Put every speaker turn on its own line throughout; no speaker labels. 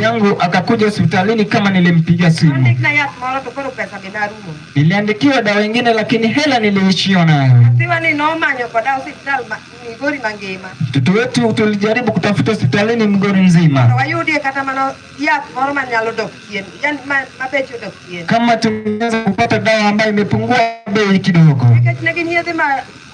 yangu akakuja hospitalini kama nilimpiga simu, niliandikiwa dawa ingine, lakini hela niliishia nayo. Mtoto wetu tulijaribu kutafuta hospitalini Mgori nzima, kama tumeweza kupata dawa ambayo imepungua bei kidogo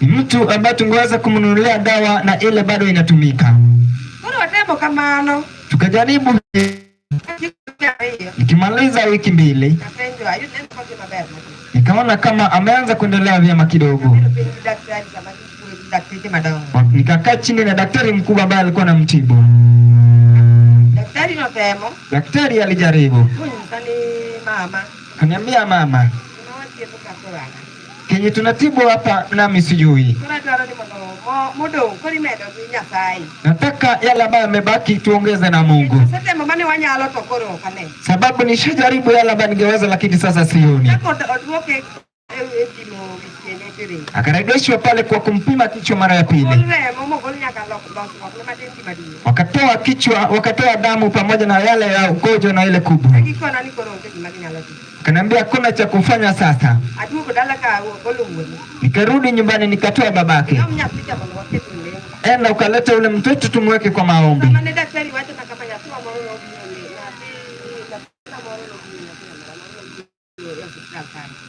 mtu ambaye tungeweza kumnunulia dawa na ile bado inatumika. Tukajaribu nikimaliza wiki mbili nikaona kama ameanza kuendelea vyema kidogo, nikakaa chini na daktari mkubwa ambaye alikuwa na mtibu. Daktari alijaribu kaniambia, mama kenye tunatibu hapa nami sijui. Nataka yale ambayo yamebaki tuongeze na Mungu, sababu nishajaribu yale ambayo ningeweza, lakini sasa sioni. Eh, eh, eh, Akarejeshwa pale kwa kumpima kichwa mara ya pili, wakatoa kichwa, wakatoa damu pamoja na yale ya ugonjwa na ile kubwa Kanaambia kuna cha kufanya sasa. Nikarudi nyumbani nikatoa babake, enda ukaleta ule mtoto tumweke kwa maombi.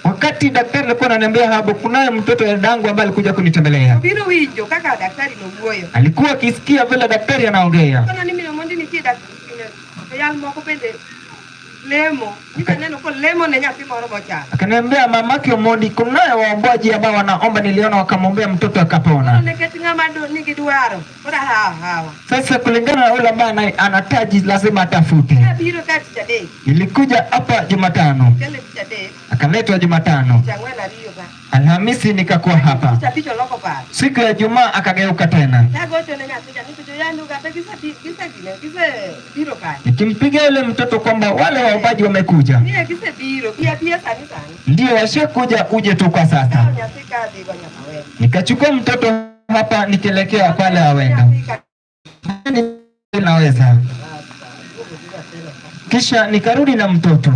Wakati daktari alikuwa ananiambia hapo, kunaye mtoto ya dangu ambaye alikuja kunitembelea, alikuwa akisikia vile daktari anaongea
lemo ndio neno kwa lemo
akaniambia mamake Omondi kunaye waombaji ambao wanaomba, niliona wakamwombea mtoto akapona. Sasa kulingana na ule ambaye anataji lazima atafute. Ilikuja hapa Jumatano, akaletwa Jumatano, Alhamisi nikakuwa hapa, siku ya Jumaa akageuka tena Kimpiga yule mtoto kwamba wale waombaji wamekuja, ndio washakuja, uje tu kwa sasa. Nikachukua mtoto hapa, nikielekea pale awenda naweza kisha nikarudi na mtoto,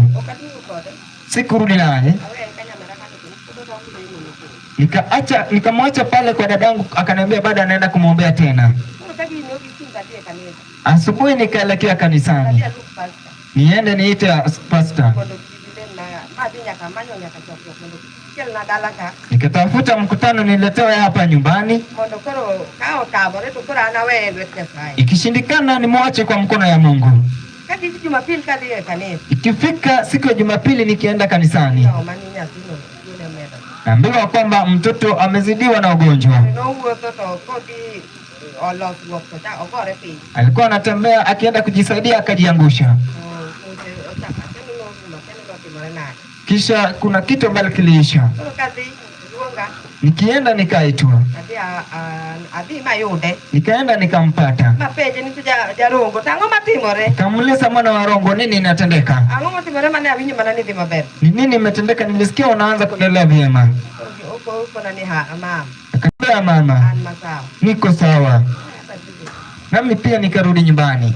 sikurudi naye, nikaacha nikamwacha pale kwa dadangu, akaniambia bado anaenda kumwombea tena Asubuhi nikaelekea kanisani, niende niite pasta, nikatafuta mkutano niletewe hapa nyumbani. Ikishindikana nimwache kwa mkono ya Mungu. Ikifika siku ya Jumapili nikienda kanisani naambiwa kwamba mtoto amezidiwa na ugonjwa alikuwa anatembea akienda kujisaidia akajiangusha. Oh, Kisha kuna kitu ambacho kiliisha, oh, nikienda nikaitwa, uh, uh, nikaenda nikampata, nikamuuliza mwana wa Rongo, nini inatendeka? Ni nini imetendeka? Nilisikia unaanza kuendelea vyema. Kabla mama, niko sawa nami pia nikarudi nyumbani.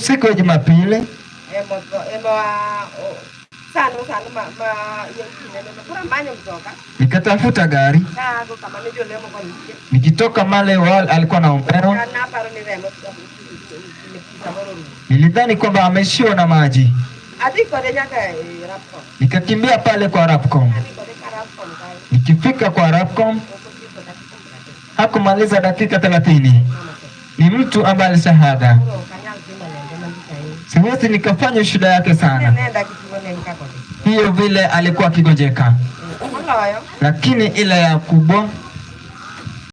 Siku ya Jumapili nikatafuta gari nikitoka male wal, alikuwa na ombero. Nilidhani kwamba ameshiwa na maji Nikakimbia pale kwa Rapcom. Nikifika kwa Rapcom hakumaliza dakika thelathini, ni mtu ambaye shahada. Siwezi nikafanya shida yake sana, hiyo vile alikuwa akigojeka, lakini ile ya kubwa